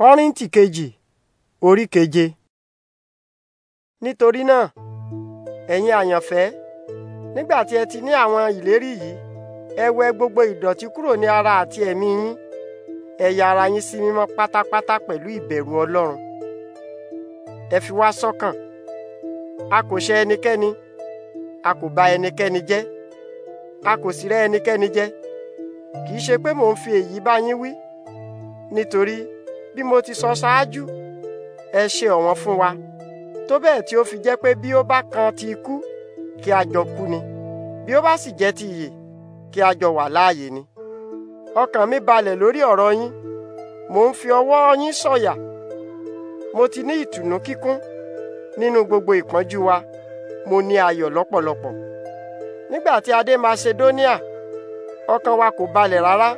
kọ́ríntì kejì orí keje. nítorí náà ẹ̀yin àyànfẹ́ nígbà tí ẹ ti ní àwọn ìlérí yìí ẹ wẹ gbogbo ìdọ̀tí kúrò ní ara àti ẹ̀mí yín ẹ ya ara yín sí mímọ́ pátápátá pẹ̀lú ìbẹ̀rù ọlọ́run ẹ fi wá sọ́kàn a kò ṣe ẹnikẹ́ni a kò bà ẹnikẹ́ni jẹ́ a kò sì rẹ́ ẹnikẹ́ni jẹ́ kì í ṣe pé mò ń fi èyí bá yín wí nítorí bí mo ti sọ ṣáájú ẹ ṣe ọ̀wọ́n fún wa tó bẹ́ẹ̀ tí ó fi jẹ́ pé bí ó bá kan ti ikú kí a jọ kú ni bí ó bá sì jẹ́ ti ìyè kí a jọ wà láàyè ni ọkàn mi balẹ̀ lórí ọ̀rọ̀ yín mò ń fi ọwọ́ yín sọ̀yà mo ti ní ìtùnú kíkún nínú gbogbo ìpọ́njú wa mo ní ayọ̀ lọ́pọ̀lọpọ̀ nígbà tí a Macedonia ọkàn wa kò balẹ̀ rárá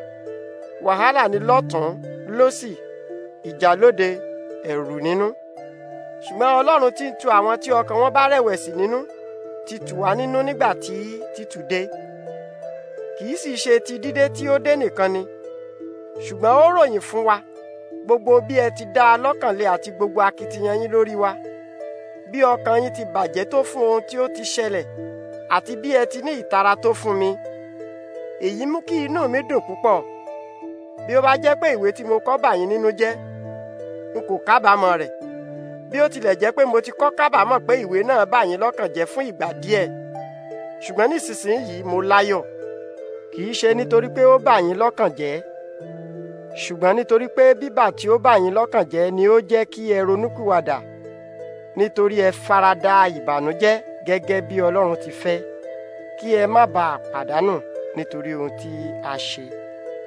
wàhálà ni lọ́tùn-ún lósì ìjà lóde ẹ̀rù nínú ṣùgbọ́n Ọlọ́run ti ń tu àwọn tí ọkàn wọn bá rẹ̀wẹ̀sì nínú ti tù wá nínú nígbà tí títù dé kì í sì ṣe ti dídé tí ó dé nìkan ni ṣùgbọ́n ó ròyìn fún wa gbogbo bí ẹ ti dá a lọ́kàn lé àti gbogbo akitiyan yín lórí wa bí ọkàn yín ti bàjẹ́ tó fún ohun tí ó ti ṣẹlẹ̀ àti bí ẹ ti ní ìtara tó fún mi èyí mú kí inú mi dùn púpọ̀ bí ó bá jẹ́ pé ìwé tí mo kọ bà nínú jẹ́ n kò kábàámọ̀ rẹ̀ bí ó tilẹ̀ jẹ́ pé mo ti kọ́ kábàámọ̀ pé ìwé náà bà yín lọ́kàn jẹ́ fún ìgbà díẹ̀ ṣùgbọ́n nísinsìnyí mo láyọ̀ kì í ṣe nítorí pé ó bà yín lọ́kàn jẹ́ ṣùgbọ́n nítorí pé bíbà tí ó bà yín lọ́kàn jẹ́ ni ó jẹ́ kí ẹ ronúkúwàdà nítorí ẹ farada ìbànújẹ́ gẹ́gẹ́ bí Ọlọ́run ti fẹ́ kí ẹ má bàa pàdánù nítorí ohun tí a ṣe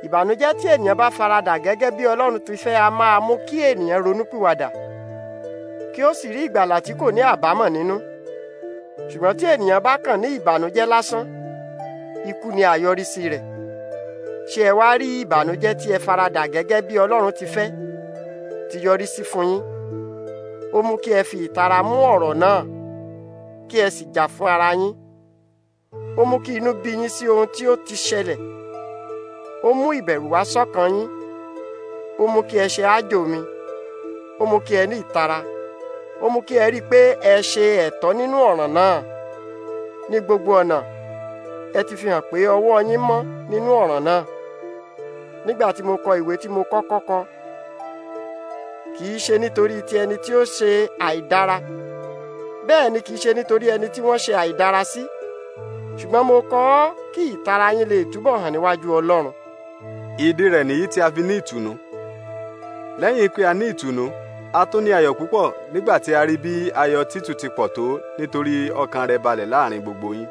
ìbànújẹ́ tí ènìyàn bá faradà gẹ́gẹ́ bí Ọlọ́run ti fẹ́ a máa mú kí ènìyàn ronúpìwàdà kí ó sì rí ìgbàlà tí kò ní àbámọ̀ nínú ṣùgbọ́n tí ènìyàn bá kàn ní ìbànújẹ́ lásán ikú ni àyọrísí rẹ̀ ṣé ẹ wá rí ìbànújẹ́ tí ẹ faradà gẹ́gẹ́ bí Ọlọ́run ti fẹ́ ti yọrí sí fún yín ó mú kí ẹ fi ìtara mú ọ̀rọ̀ náà kí ẹ sì jà fún ara yín ó mú kí inú bí yín sí ohun tí ó ti ṣẹlẹ̀ ó mú ìbẹ̀rù wá sọ́kàn yín ó mú kí ẹ ṣe ájò mi ó mú kí ẹ ní ìtara ó mú kí ẹ rí i pé ẹ ṣe ẹ̀tọ́ nínú ọ̀ràn náà ní gbogbo ọ̀nà ẹ ti fi hàn pé ọwọ́ yín mọ́ nínú ọ̀ràn náà nígbà tí mo kọ ìwé tí mo kọ́ kọ́kọ́ kì í ṣe nítorí ti ẹni tí ó ṣe àìdára bẹ́ẹ̀ ni kì í ṣe nítorí ẹni tí wọ́n ṣe àìdára sí ṣùgbọ́n mo kọ́ kí ìtara yín lè túbọ̀ hàn níwájú Ọlọ́run ìdí rẹ̀ nìyí tí a fi ní ìtùnú lẹ́yìn pé a ní ìtùnú a tún ní ayọ̀ púpọ̀ nígbà tí a rí bí ayọ̀ títù ti pọ̀ tó nítorí ọkàn rẹ̀ balẹ̀ láàrin gbogbo yín.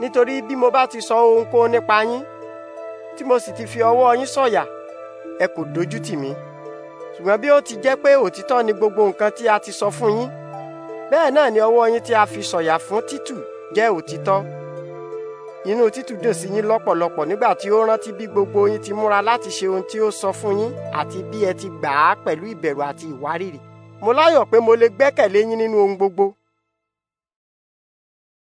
nítorí bí mo bá ti sọ ohunkóhun nípa yín tí mo sì ti fi ọwọ́ yín sọ̀yà ẹ kò dojú tì mí ṣùgbọ́n bí ó ti jẹ́ pé òtítọ́ ni gbogbo nǹkan tí a ti sọ fún yín bẹ́ẹ̀ náà ni ọwọ́ yín tí a fi sọ̀yà fún títù jẹ́ òtítọ́ inú títù dùn sí yín lọ́pọ̀lọpọ̀ nígbà tí ó rántí bí gbogbo yín ti múra láti ṣe ohun tí ó sọ fún yín àti bí ẹ ti gbà á pẹ̀lú ìbẹ̀rù àti ìwárìrì mo láyọ̀ pé mo lè gbẹ́kẹ̀lé yín nínú ohun gbogbo